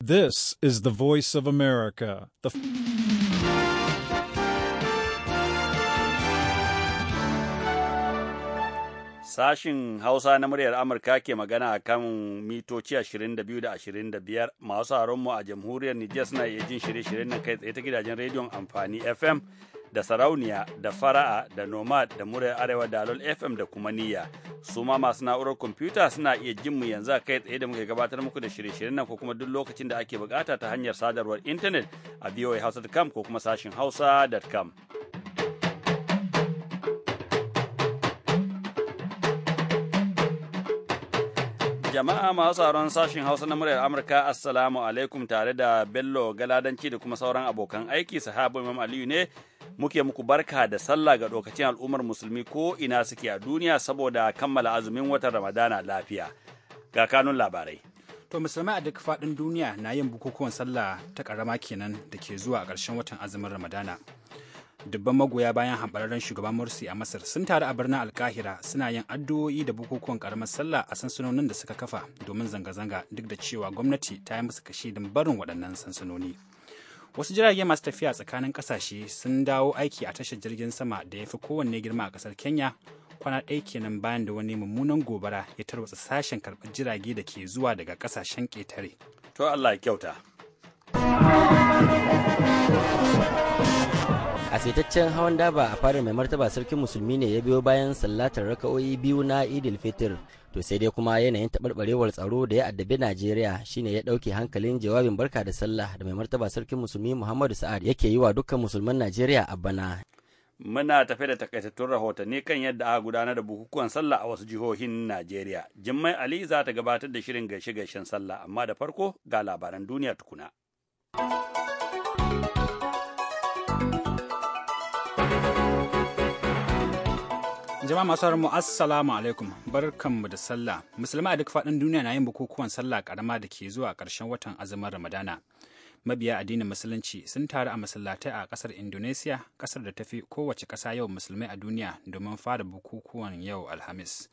This is the voice of America. The Sashin Hausa na muryar Amurka ke magana a kan mitoci 22 da 25 masu mu a jamhuriyar Nijar suna iya jin shirye-shiryen nan kai tsaye ta gidajen rediyon amfani FM da sarauniya da fara'a da nomad da murar arewa da alol fm da kuma niyya su ma masu na'urar kwamfuta suna iya jin mu yanzu a kai tsaye da muke gabatar muku da shirye-shiryen nan ko kuma duk lokacin da ake bukata ta hanyar sadarwar intanet a Hausa.com ko kuma sashin hausa.com Jama'a masu tsaron sashen Hausa na muryar Amurka Assalamu alaikum tare da Bello Galadanci da kuma sauran abokan aiki sahabu Imam Aliyu ne muke muku barka da sallah ga dokacin al'ummar musulmi ko ina suke a duniya saboda kammala azumin watan Ramadana lafiya. Ga kanun labarai. To musulmai a duk faɗin duniya na yin bukukuwan sallah ta ƙarama kenan da ke zuwa a ƙarshen watan azumin Ramadana. dubban magoya bayan hambararren shugaban morsi a masar sun taru a birnin alkahira suna yin addu'o'i da bukukuwan karamar sallah a sansanonin da suka kafa domin zanga-zanga duk da cewa gwamnati ta yi musu kashe don barin waɗannan sansanoni wasu jirage masu tafiya tsakanin ƙasashe sun dawo aiki a tashar jirgin sama da ya fi kowanne girma a ƙasar kenya kwana ɗaya kenan bayan da wani mummunan gobara ya tarwatsa sashen karɓar jirage da ke zuwa daga ƙasashen ƙetare to allah kyauta asaitaccen hawan daba a fadar mai martaba sarkin musulmi ne ya biyo bayan sallatar raka'o'i biyu na idil fitr to sai dai kuma yanayin taɓarɓarewar tsaro da ya addabi najeriya shine ya ɗauke hankalin jawabin barka da sallah da mai martaba sarkin musulmi muhammadu sa'ad yake yi wa dukkan musulman najeriya a bana muna tafe da takaitattun rahotanni kan yadda aka gudanar da bukukuwan sallah a wasu jihohin najeriya jimmai ali za ta gabatar da shirin gaishe-gaishen sallah amma da farko ga labaran duniya tukuna. jama'a masu mu assalamu alaikum barkanmu da sallah musulmai a duk faɗin duniya na yin bukukuwan sallah karama da ke zuwa ƙarshen watan azumin ramadana mabiya addinin musulunci sun taru a masallatai a ƙasar indonesia ƙasar da tafi kowace ƙasa yau musulmai a duniya domin fara bukukuwan yau alhamis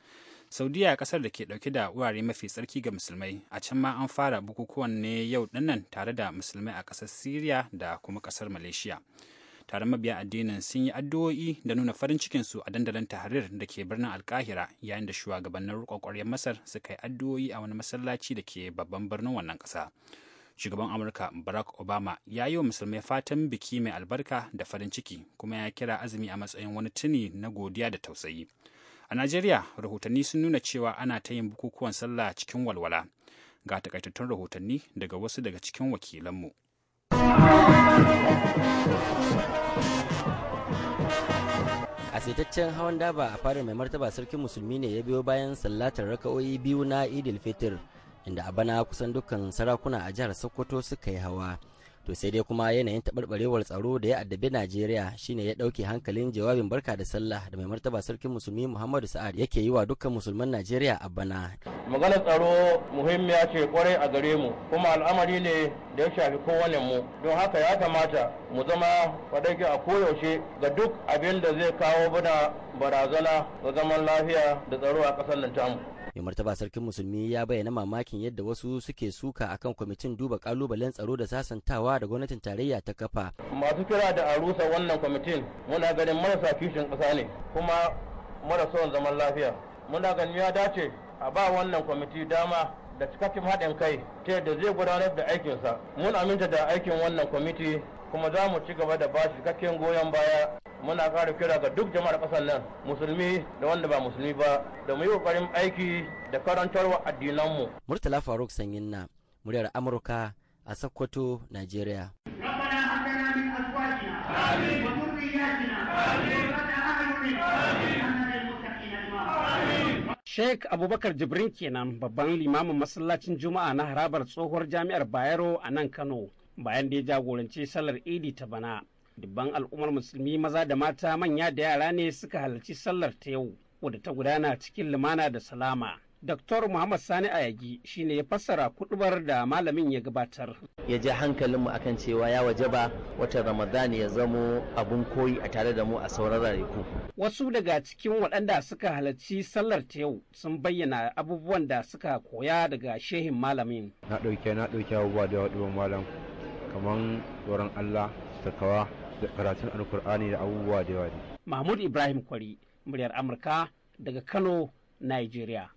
saudiya ƙasar da ke ɗauke da wurare mafi tsarki ga musulmai a can ma an fara bukukuwan ne yau dinnan tare da musulmai a ƙasar syria da kuma ƙasar malaysia taron mabiya addinin sun yi addu'o'i da nuna farin cikinsu a dandalin tahrir da ke birnin alkahira yayin da shugabannin rikon masar suka yi addu'o'i a wani masallaci da ke babban birnin wannan ƙasa shugaban amurka barack obama ya yi wa musulmai fatan biki mai albarka da farin ciki kuma ya kira azumi a matsayin wani tuni na godiya da tausayi a najeriya rahotanni sun nuna cewa ana ta yin bukukuwan sallah cikin walwala ga takaitattun rahotanni daga wasu daga cikin wakilanmu asaitaccen hawan daba a fadar mai martaba sarkin musulmi ne ya biyo bayan sallatar raka'o'i biyu na idil fitr inda a bana kusan dukkan sarakuna a jihar sokoto suka yi hawa to sai dai kuma yanayin taɓarɓarewar tsaro da ya addabi najeriya shine ya ɗauke hankalin jawabin barka da sallah da mai martaba sarkin musulmi muhammadu sa'ad yake yi wa dukkan musulman najeriya a bana maganar tsaro muhimmiya ce kwarai a gare mu kuma al'amari ne da ya shafi kowane mu don haka ya kamata mu zama fadage a koyaushe ga duk abin da zai kawo bana barazana ga zaman lafiya da tsaro a ƙasar nan tamu mai martaba sarkin musulmi ya bayyana mamakin yadda wasu suke suka akan kwamitin duba kalubalen tsaro da sasantawa da gwamnatin tarayya ta kafa masu kira da arusa wannan kwamitin muna ganin marasa kishin kasa ne kuma marasa zaman lafiya muna ganin ya dace a ba wannan kwamiti dama da cikakken haɗin kai ta yadda zai gudanar da aikinsa mun aminta da aikin wannan kwamiti kuma za mu ci gaba da bashi cikakken goyon baya muna kare kira ga duk jama'ar ƙasar nan musulmi da wanda ba musulmi ba da mu yi ƙoƙarin aiki da karantarwa addinanmu. Murtala Faruk Sanyin na muryar Amurka a Sokoto, Najeriya. Sheikh Abubakar Jibrin kenan babban limamin masallacin Juma'a na harabar tsohuwar jami'ar Bayero a nan Kano. bayan da ya jagoranci sallar idi ta bana dubban al'ummar musulmi maza da mata manya da yara ne suka halarci sallar ta yau wadda ta gudana cikin lumana da salama Dr. Muhammad Sani Ayagi shine ya fassara kudubar da malamin ya gabatar. Ya ji hankalinmu akan cewa ya wajaba Wata Ramadan ya zamo abun koyi a tare da mu a sauran rariku. Wasu daga cikin waɗanda suka halarci sallar ta yau sun bayyana abubuwan da suka koya daga shehin malamin. Na ɗauke na ɗauke abubuwa da malam kamar tsoron Allah da kawa da karatun alkur'ani da abubuwa da yawa Mahmud Ibrahim Kwari muryar Amurka daga Kano Nigeria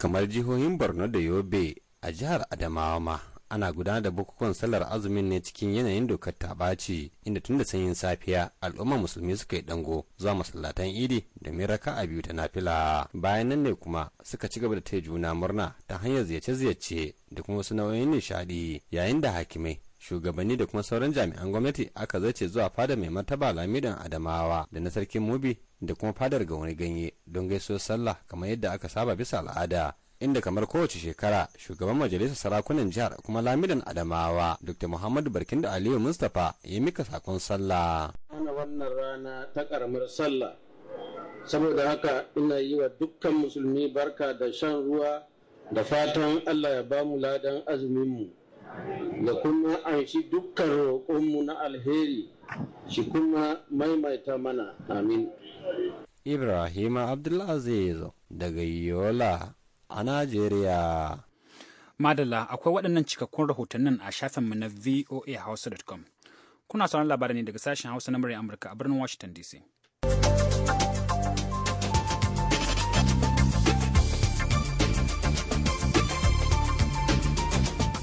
kamar jihohin Borno da Yobe a jihar Adamawa ma ana gudanar da bukukuwan sallar azumin ne cikin yanayin dokar taɓaci inda tun da sanyin safiya al'ummar musulmi suka yi dango zuwa masallatan idi da miraka a biyu ta nafila bayan nan ne kuma suka ci gaba da ta juna murna ta hanyar ziyarce-ziyarce da kuma wasu nau'o'in nishaɗi yayin da hakimai shugabanni da kuma sauran jami'an gwamnati aka zace zuwa fada mai martaba lamidan adamawa da na sarkin mubi da kuma fadar ga wani ganye don gaisuwar sallah kamar yadda aka saba bisa al'ada inda kamar kowace shekara shugaban majalisar sarakunan jihar kuma lamidan adamawa dr muhammadu barkin da aliyu mustapha ya mika sakon sallah ana wannan rana ta karamar sallah saboda haka ina yi wa dukkan musulmi barka da shan ruwa da fatan allah ya ba mu ladan azuminmu da kuma an shi dukkan roƙonmu na alheri shi kuma maimaita mana amin ibrahima abdulaziz daga yola a Najeriya. Madalla akwai waɗannan cikakkun rahotannin a shafinmu na voahausa.com. Kuna sauran labarai daga sashen Hausa na murya Amurka a birnin Washington DC.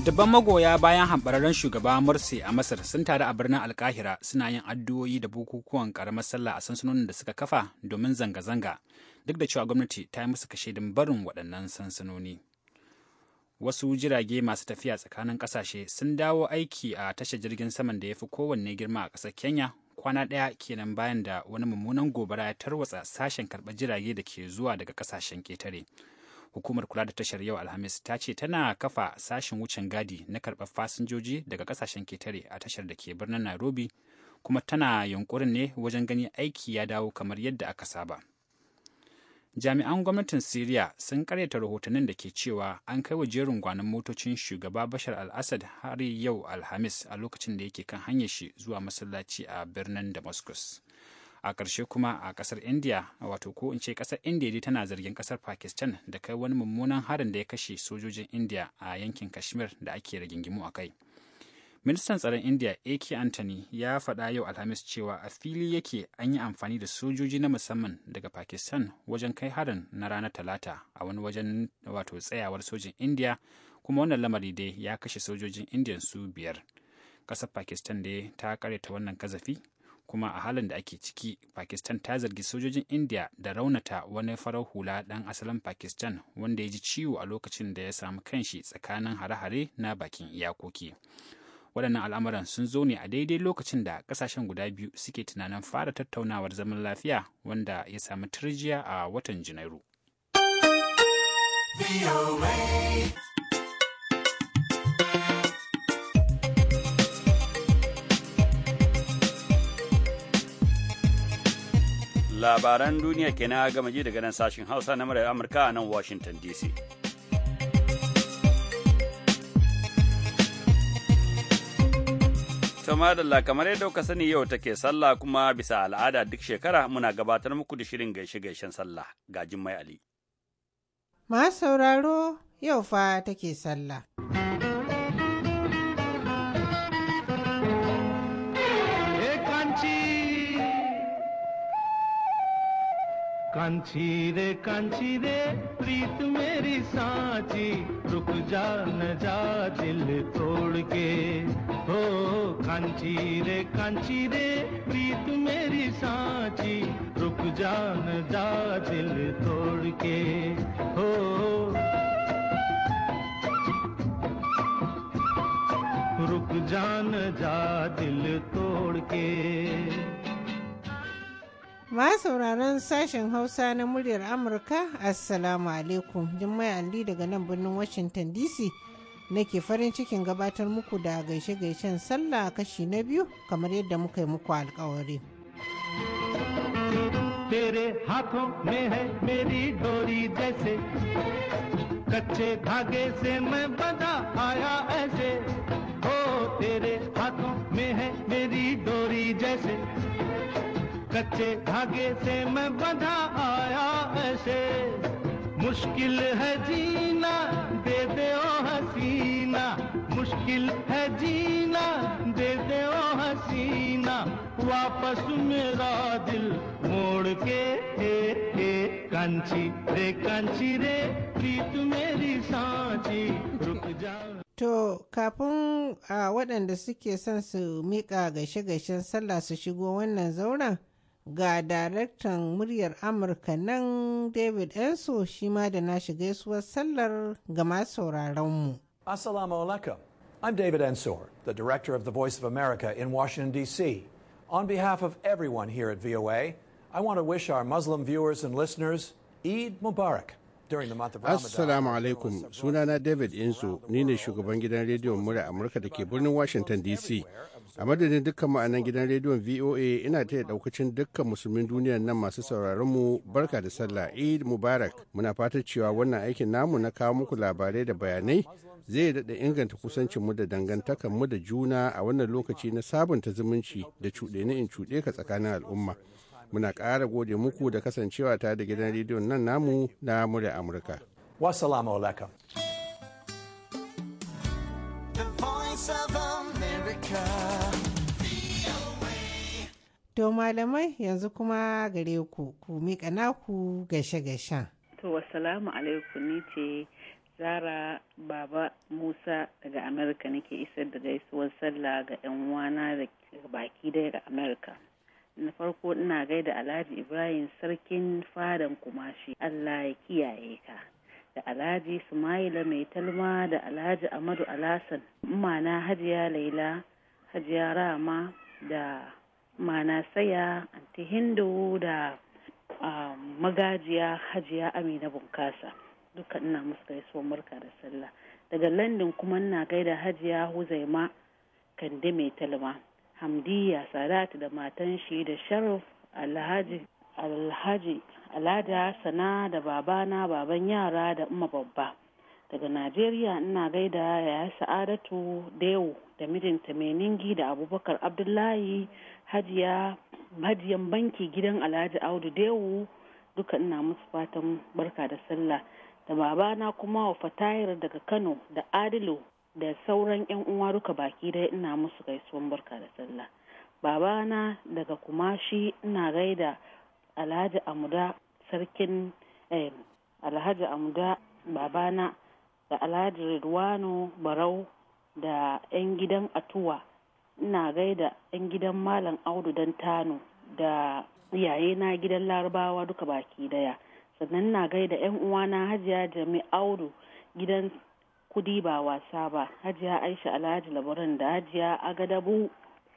Dabban magoya bayan hambararren shugaba Morsi a Masar sun taru a birnin Alkahira suna yin addu'o'i da bukukuwan ƙaramar sallah a sansanonin da suka kafa domin zanga-zanga. duk da cewa gwamnati ta yi musu kashedin barin waɗannan sansanoni. Wasu jirage masu tafiya tsakanin ƙasashe sun dawo aiki a tashar jirgin saman da ya fi kowanne girma a ƙasar Kenya kwana ɗaya kenan bayan da wani mummunan gobara ya tarwatsa sashen karɓar jirage da ke zuwa daga ƙasashen ƙetare. hukumar kula da tashar yau alhamis ta ce tana kafa sashen wucin gadi na karɓar fasinjoji daga ƙasashen ƙetare a tashar da ke birnin nairobi kuma tana yunkurin ne wajen gani aiki ya dawo kamar yadda aka saba jami'an gwamnatin Siriya sun karyata rahotannin da ke cewa an kai wa jerin gwanon motocin shugaba Bashar al-Assad har yau Alhamis a lokacin da yake kan hanyar shi zuwa masallaci a birnin Damascus. A ƙarshe kuma a ƙasar India, wato ko in ce ƙasar India dai tana zargin ƙasar Pakistan da kai wani mummunan harin da ya kashe sojojin India a yankin Kashmir da ake rigingimu a kai. Ministan tsaron India AK Anthony ya faɗa yau Alhamis cewa a fili yake an yi amfani da sojoji na musamman daga Pakistan wajen kai harin na ranar Talata a wani wajen wato tsayawar sojin India kuma wannan lamari dai ya kashe sojojin Indiya su biyar. Ƙasar Pakistan dai ta karyata wannan kazafi kuma a halin da ake ciki pakistan ta zargi sojojin india da raunata wani farar hula dan asalin pakistan wanda ya ji ciwo a lokacin da ya samu kanshi tsakanin hare-hare na bakin iyakoki waɗannan al'amuran sun zo ne a daidai lokacin da ƙasashen guda biyu suke tunanin fara tattaunawar zaman lafiya wanda ya samu turjiya a watan janairu labaran duniya kenan gama ji daga nan sashen hausa na murar amurka a nan washington dc ta madalla kamar yadda ka sani yau take sallah kuma bisa al'ada duk shekara muna gabatar muku da shirin gaishe-gaishen sallah ga Jummai Ali. Ma sauraro yau fa take sallah. Kanchi रे कांची रे प्रीत मेरी सांची रुक जा न जा दिल तोड़ के हो कांची रे कांची रे प्रीत मेरी सांची रुक जा न जा दिल तोड़ के हो रुक जान जा दिल तोड़ के Ma sauraron sashen Hausa na muryar Amurka, Assalamu alaikum. Jummai Ali daga nan birnin Washington DC nake farin cikin gabatar muku da gaishe-gaishen sallah kashi na biyu kamar yadda muka yi muku alkawari. तेरे हाथों में है मेरी डोरी जैसे कच्चे धागे से मैं आया ऐसे तेरे हाथों में है मेरी डोरी कच्चे धागे से मैं बंधा आया ऐसे मुश्किल है जीना दे दे ओ हसीना मुश्किल है जीना दे दे ओ हसीना वापस मेरा दिल मोड़ के ए, ए, कांची रे कांची रे प्रीत मेरी सांची रुक जा To, kafin a ah, waɗanda suke son su miƙa gaishe-gaishen sallah su shigo wannan zauren, ga daraktan muryar amurka nan david enso shi ma da na shiga gaisuwar sallar ga masu assalamu alaikum i'm david ensor the director of the voice of america in washington d.c on behalf of everyone here at voa i want to wish our muslim viewers and listeners eid mubarak Assalamu alaikum sunana David Inso ni ne shugaban gidan rediyon mura Amurka da ke birnin Washington DC a madadin dukkan ma'anan gidan rediyon voa ina taya daukacin dukkan musulmin duniyar nan masu sauraron mu barka da sallah eid mubarak muna fatan cewa wannan aikin namu na kawo muku labarai da bayanai zai daɗa inganta kusancinmu da mu da juna a wannan lokaci na sabunta zumunci da cuɗe ni in cuɗe ka tsakanin al'umma muna ƙara gode muku da kasancewa ta da gidan rediyon nan namu na murya amurka wasalamu alaikum To malamai yanzu kuma gare ku ku miƙa naku gashe-gashen. To wasalamu alaikum ni ce Zara Baba Musa daga Amerika nake isar da gaisuwar sallah ga 'yan uwana da baki dai ga Amerika. Na farko ina gaida Alhaji Ibrahim sarkin fadan kumashi Allah ya kiyaye ka. Da Alhaji Sumaila mai talma da Alhaji Amadu Alhassan, na Hajiya Laila, Hajiya Rama da mana saya anti hindu da magajiya hajiya amina bunkasa duka ina musu gaisuwa murka da sallah daga london kuma ina gaida hajiya huzaima kande mai talma hamdiya sadat da matan shi da sharif alhaji alhaji alada sana da babana baban yara da umma babba daga najeriya ina gaida ya sa'adatu dewo da mijinta mai da abubakar abdullahi hajiya hajiyan banki gidan alhaji audu dewu duka ina musu fatan barka da sallah da babana kuma wa fatayar daga kano da adilu da sauran yan uwa duka baki dai ina musu gaisuwan barka da sallah babana daga kumashi ina gaida alhaji amuda sarkin eh, alhaji amuda babana da alhaji ridwano barau da 'yan gidan atuwa ina gaida 'yan gidan malam audu dan tano da yaye na gidan larabawa duka baki daya sannan ina gaida 'yan uwana hajiya jami audu gidan kudi ba wasa ba hajiya aisha alhaji labaran da hajiya agadabu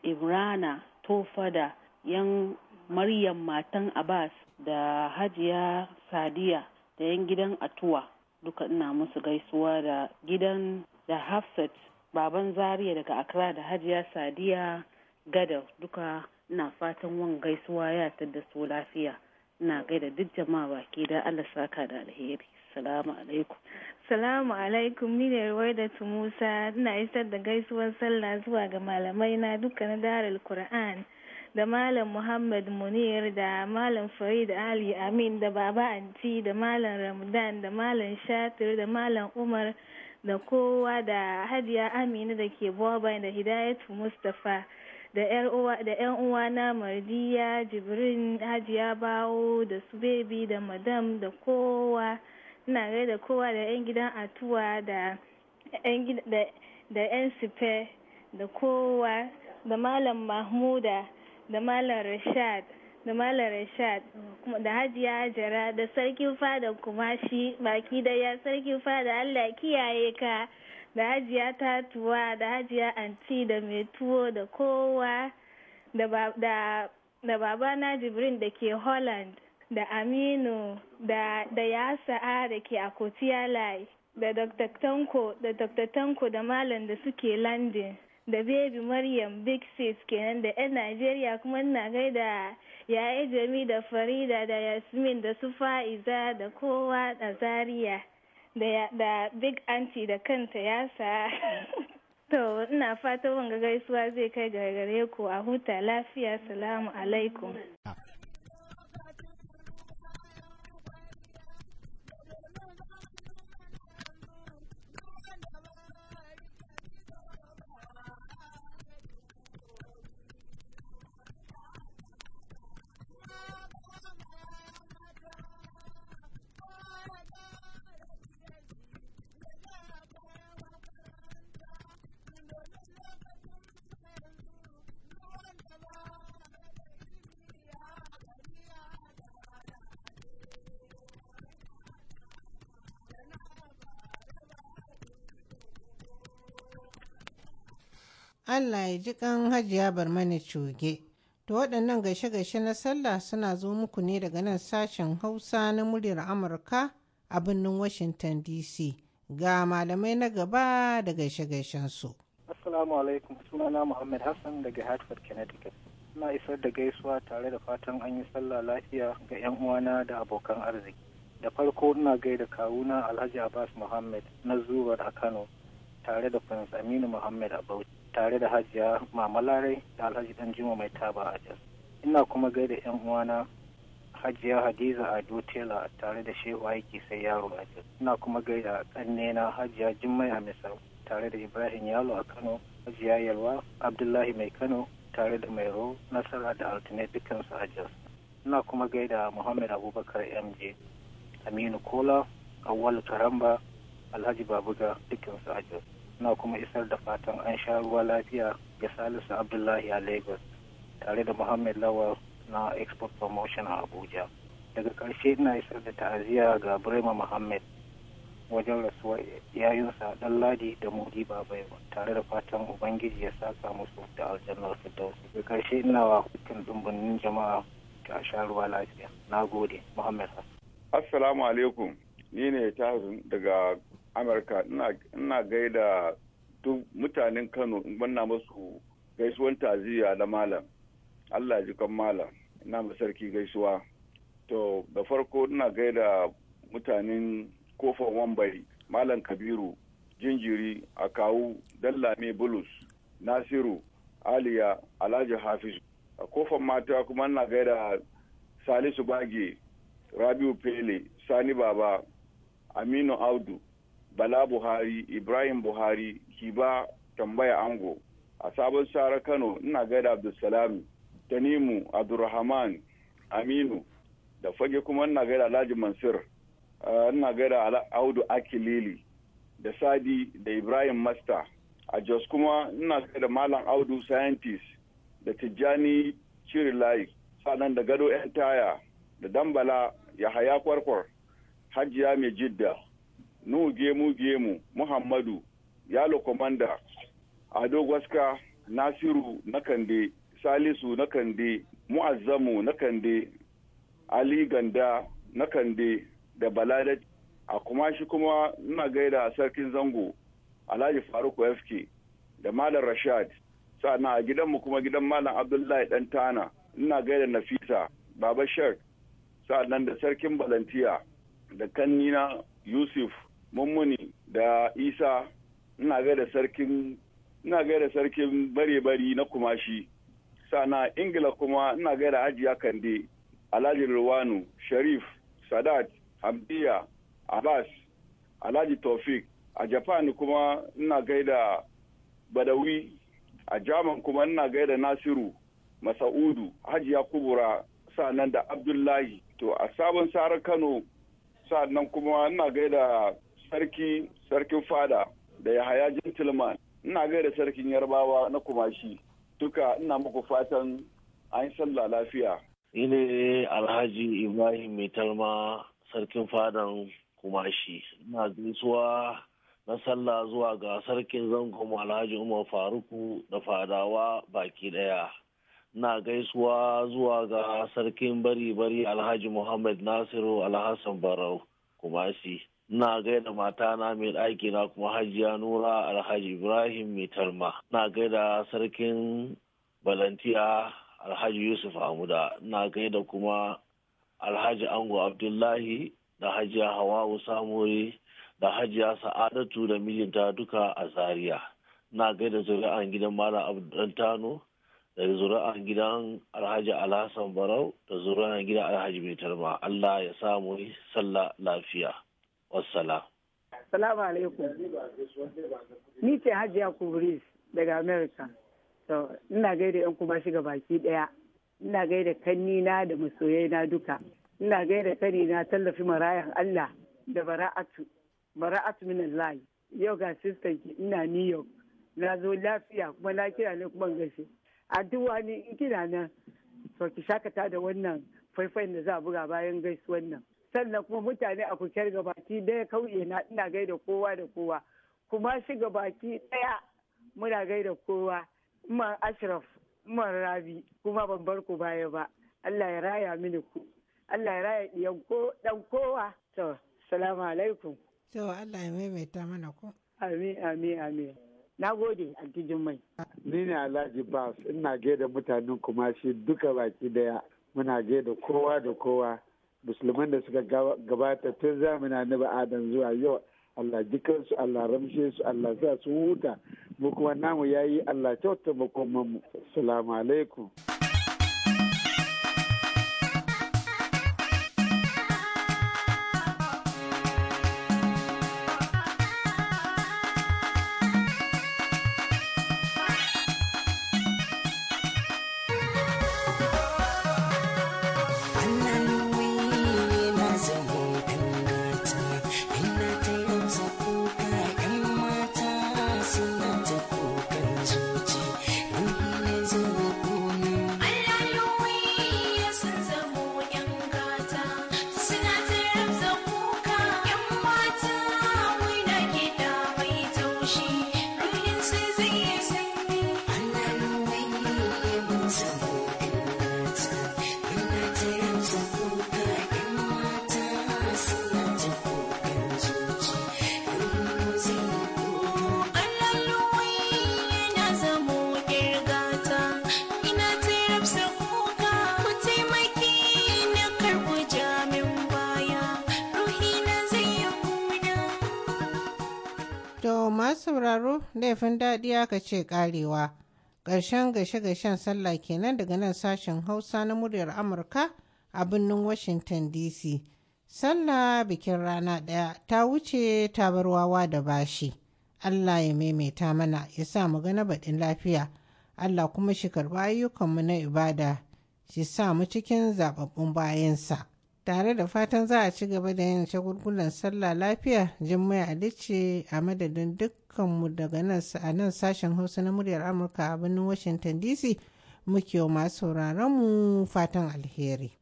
imrana tofada yan maryam matan abbas da hajiya sadiya da yan gidan atuwa duka ina musu gaisuwa da gidan da hafsat baban zaria daga Akra da hajiya sadiya gada duka na fatan wan gaisuwa ya tadda su lafiya na gaida duk jama'a baki da allah saka da alheri salamu alaikum salamu alaikum ni ne da musa ina isar da gaisuwar sallah zuwa ga malamai na duka na darul qur'an da malam muhammad munir da malam farid ali amin da baba anti da malam ramadan da malam shatir da malam umar da kowa da hadiya amina da ke bobai da hidayatu mustapha da yan uwa na mardiya jibrin hajiya bawo da su bebi da madam da kowa ina gaida kowa da yan gidan atuwa da yan sife da kowa da malam mahmuda da malam rashad da malam rashad da hajiya Jara da sarkin fada kumashi baki da ya sarkin fada allah kiyaye ka da hajiya tatuwa da hajiya anti da mai tuwo da kowa da babana jibrin da ke holland da aminu da, da yasa'a da ke akotiyalai da dr tanko da dr tanko da malam da suke london da baby maryam big sis kenan da 'yan najeriya kuma ina gaida ya yi jami da farida da yasmin da su fa'iza da kowa da zaria da big anti da kanta ya sa to ina fata wanga gaisuwa zai kai gare ku a huta lafiya salamu alaikum Allah ya ji kan hajiya bar mani cuge. To waɗannan gaishe-gaishe na sallah suna zo muku ne daga nan sashen Hausa na muryar Amurka a birnin Washington DC. Ga malamai na gaba da gaishe gashen su. Assalamu alaikum sunana Muhammad Hassan daga Hartford, Connecticut. Ina isar da gaisuwa tare da fatan an yi sallah lafiya ga 'yan uwana da abokan arziki. Da farko ina gaida kawuna Alhaji Abbas Muhammad na Zubar a Kano tare da Prince Aminu Muhammad a Bauchi. tare da hajiya mamalare da alhaji dan juma mai taba a jas ina kuma gaida yan uwana hajiya hadiza a tela tare da shehu aiki sai yaro a jas ina kuma gaida kannena hajiya jummai a misal tare da ibrahim yalo a kano hajiya yalwa abdullahi mai kano tare da mairo nasara da altine dukansu a jas ina kuma gaida muhammad abubakar mj aminu kola awal karamba alhaji babuga dukansu a jas na kuma isar da fatan an sha ruwa lafiya ga salisu abdullahi a lagos tare da muhammad lawal na export promotion a abuja daga karshe ina isar da ta'aziyya ga burema muhammad wajen rasuwar yayinsa dan ladi da mudi babai tare da fatan ubangiji ya saka musu da aljannar firdausi daga karshe ina wa hukun dumbunin jama'a ga sha ruwa lafiya na gode muhammad hassan assalamu alaikum ni ne tahirin daga amurka ina gaida duk mutanen kano in banna masu gaisuwan taziya na malam allah kan malam ina sarki gaisuwa to da farko ina gaida mutanen kofar wambari malam kabiru jinjiri akawu dallame bulus nasiru aliya alhaji hafizu a kofar mata kuma ina gaida salisu bage rabiu pele sani baba aminu audu bala buhari ibrahim buhari kiba tambaya ango a sabon sara kano ina gaida abdulsalami tanimu abdulrahman aminu da fage kuma ina gaida alhaji mansur ina gaida audu akilili da sadi da ibrahim masta a jos kuma ina gaida malam audu scientist da tijjani Chirilai, sanan da gado yan taya da dambala yahaya kwarkwar hajiya mai jidda nuhu gemu gemu muhammadu yalo komanda ado gwaska nasiru na kande salisu na kande mu'azzamu na kande ali ganda na kande da balada a kuma shi kuma ina gaida sarkin zango alhaji faruk fk da malam rashad sa'ana a gidanmu kuma gidan malam abdullahi dan tana ina gaida nafisa baba shek sa'annan da sarkin balantiya da kannina yusuf mummuni da isa ina gaida sarkin ina gaida sarkin bare-bari na kumashi sana ingila kuma ina gaida ajiya kande alhaji ruwanu sharif sadat hamdiya abbas alhaji tofik a japan kuma ina gaida badawi a jaman kuma ina gaida nasiru masa'udu hajiya kubura sa'annan da abdullahi to a sabon sarar kano sa'annan kuma ina gaida sarki sarkin fada da yahaya gentleman ina gaida sarkin yarbawa na kumashi duka ina muku fatan an salla lafiya ne alhaji ibrahim mai talma sarkin fadan kumashi ina gaisuwa na sallah zuwa ga sarkin zango alhaji umar faruku da fadawa baki daya na gaisuwa zuwa ga sarkin bari bari alhaji muhammad nasiru alhassan barau kumashi. na gaida na mai aiki na kuma hajiya nura alhaji ibrahim mai tarma na gaida sarkin balantiya alhaji yusuf amuda na gaida kuma alhaji ango abdullahi da hajiya hawa'u samuri da hajiya sa'adatu da mijinta duka a zaria na gaida zuri'an gidan malam abdantano da zuri'an gidan alhaji alhassan barau da zuri'an gidan alhaji mai tarma allah ya samu sallah lafiya wassala. salamu alaikum ni ce hajiya kubris daga america so ina gaida yan kuma shiga baki daya ina gaida kannina da masoyaina duka ina gaida kani na tallafi marayan allah da bara'atu bara'atu min allah yau ga sistan ki ina new york na zo lafiya kuma na kira ne kuma gashi a duk wani in kina nan so ki shakata da wannan faifan da za a buga bayan gaisuwan nan sannan kuma mutane a kuciyar baki daya kauye na ina gaida kowa da kowa kuma shi baki daya muna gaida kowa ma ashraf man rabi kuma ban bar ku baya ba allah ya raya mini ku allah ya raya ɗiyan ko dan kowa to salamu alaikum to allah ya maimaita mana ku amin amin amin na gode anti jummai ni ne alhaji bas ina gaida mutanen kuma shi duka baki daya muna gaida kowa da kowa musulman da suka gabata tun zamina na ba adam zuwa yau Allah jikansu Allah ramshe su Allah sa su huta mu kuma namu yayi Allah kyauta makomanmu assalamu alaikum sauraro laifin daɗi aka ce ƙarewa. Ƙarshen gashe-gashen sallah kenan daga nan sashen Hausa na muryar Amurka a birnin Washington DC. Sallah bikin rana ɗaya ta wuce ta bar wawa da bashi. Allah ya maimaita mana ya sa mu gana baɗin lafiya. Allah kuma shi karɓi ayyukanmu na ibada, shi sa mu cikin zaɓaɓɓun bayansa. tare da fatan za a ci gaba da yin shagulgulan sallah lafiya jimmai alice a madadin dukkanmu daga nan sashen hausa na muryar amurka a birnin washington dc muke wa masu mu fatan alheri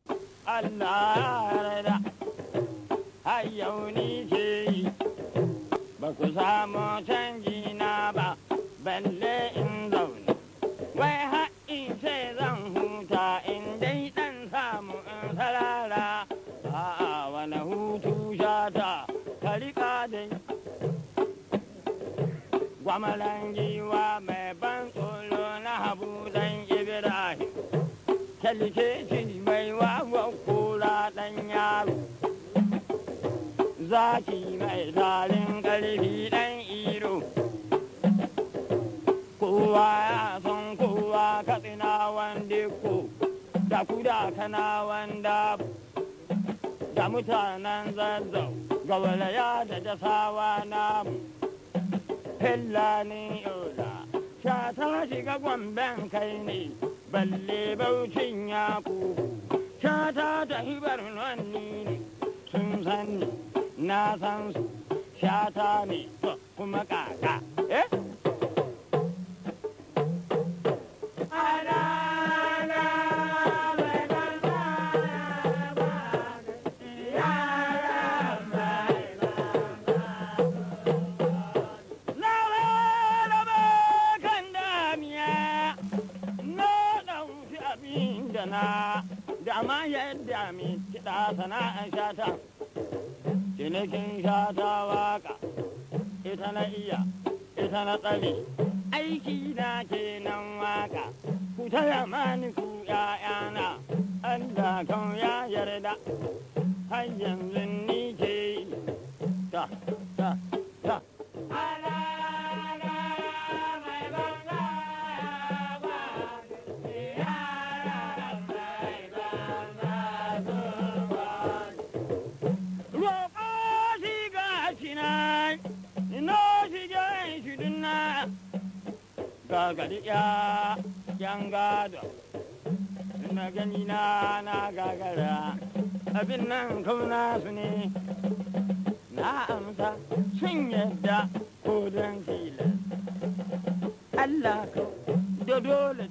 ba balle in zaune wai ha'in sai zan hu gwamaran giwa mai ban tsoro na habu zan ibrahim kyalkeci mai wawan kura ɗan yaro zaki mai zalin ƙarfi ɗan iro kowa ya san kowa katsina wanda ko da kuda kana wanda da mutanen zazzau ga walaya da jasawa namu Hillani yola, shata shiga gwamben kai ne, balle baucin ya kuhu, sha ta hibar barnonni ne, sun san na san su, shata ne, kuma kaka. lami kiɗa sana'an shata cinikin shata waka ita na iya ita na tsare aiki na kenan waka ku taya mani ku ‘ya'yana anda kan ya yarda har yanzu ni ke ta ta gari ya yan gado na gani na na gagara abin nan kuma su ne na amsa sun yadda ko don tilas Allah ka da dole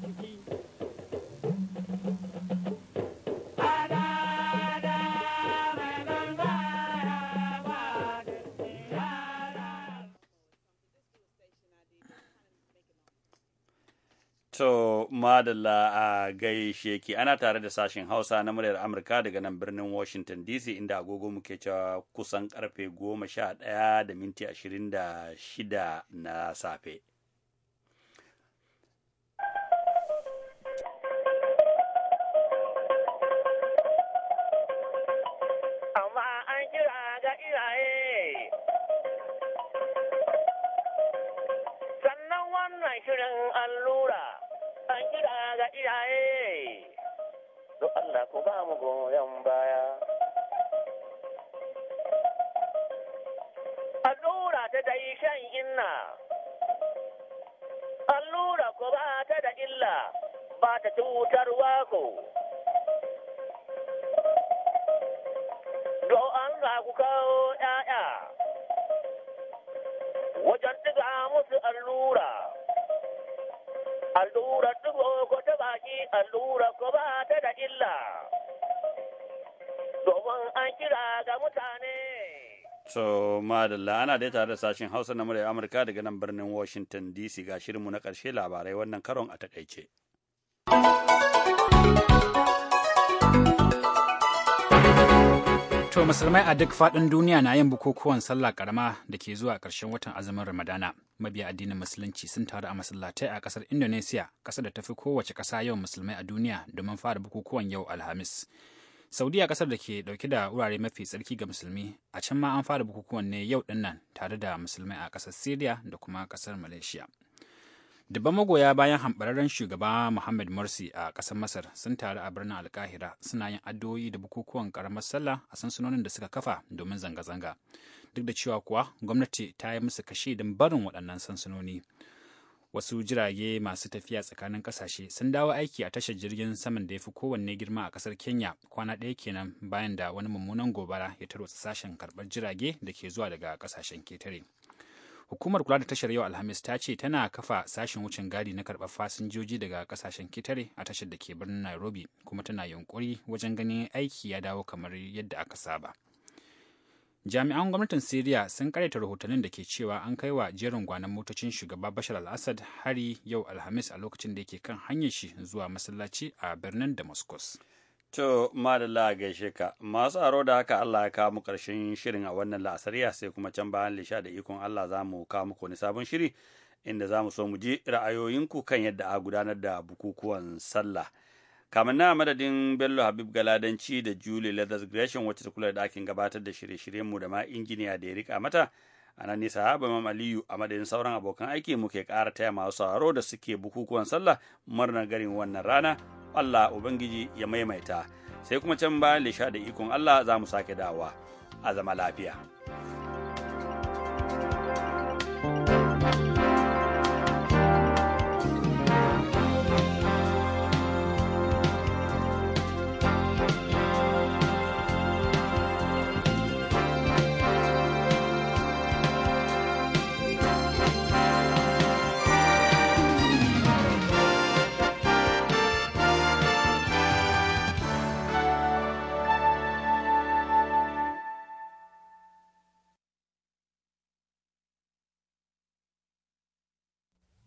madalla a gaishe ki ana tare da sashen hausa na muryar amurka daga nan birnin washington dc inda agogo muke cewa kusan karfe goma sha ɗaya da minti ashirin da shida na safe Allah ku ba mu goyon baya. Allura ta da shan inna, allura ku ba ta da illa ba ta cutar wako. Do an ku kawo ‘ya'ya wajen ɗiga musu allura. Allura dubo ko ta baki allura ko ba ta da illa. Domin an kira ga mutane. So, madalla ana dai tare da sashen Hausa na murya Amurka daga nan birnin Washington DC ga shirinmu na ƙarshe labarai wannan karon a takaice. To musulmai a duk faɗin duniya na yin bukukuwan sallah karama da ke zuwa ƙarshen watan azumin Ramadana. Mabiya addinin musulunci sun taru a masallatai a ƙasar Indonesia, ƙasar da ta fi kowace ƙasa yawan musulmai a duniya domin fara bukukuwan yau Alhamis. Saudiya ƙasar da ke ɗauke da wurare mafi tsarki ga musulmi, a can ma an fara bukukuwan ne yau ɗinnan tare da musulmai a ƙasar Syria da kuma ƙasar Malaysia. Dubban magoya bayan hambararren shugaba Muhammad Morsi a ƙasar Masar sun taru a birnin Alkahira suna yin addu'o'i da bukukuwan ƙaramar sallah a sansanonin da suka kafa domin zanga-zanga. Duk da cewa kuwa gwamnati ta yi musu kashe don barin waɗannan sansanoni. Wasu jirage masu tafiya tsakanin ƙasashe sun dawo aiki a tashar jirgin saman da ya fi kowanne girma a ƙasar Kenya kwana ɗaya kenan bayan da wani mummunan gobara ya tarwatsa sashen karɓar jirage da ke zuwa daga ƙasashen ketare. Hukumar kula da tashar yau Alhamis ta ce tana kafa sashen wucin gadi na karɓar fasinjoji daga kasashen kitare a tashar da ke birnin Nairobi kuma tana yunkuri wajen ganin aiki ya dawo kamar yadda aka saba. Jami'an gwamnatin Siriya sun karyata rahotannin da ke cewa an kai wa jerin gwanan motocin shugaba Bashar al-Assad hari yau Alhamis a lokacin da yake kan hanyar shi zuwa masallaci a birnin Damascus. To, madalla gaishe ka, masu aro da haka Allah ya kawo mu ƙarshen shirin a wannan la'asariya sai kuma can bayan lisha da ikon Allah za mu kawo muku wani sabon shiri inda za mu so mu ji ra'ayoyinku kan yadda a gudanar da bukukuwan sallah. kamin na madadin Bello Habib Galadanci da Julie Leathers Gresham wacce ta kula da ɗakin gabatar da shirye shiryen mu da ma injiniya da ya rika mata. a nan nisa ba mam aliyu a madadin sauran abokan aiki muke ƙara taya masu aro da suke bukukuwan sallah murnar garin wannan rana Allah Ubangiji ya maimaita sai kuma can bayan lisha da ikon Allah za mu sake dawa a zama lafiya.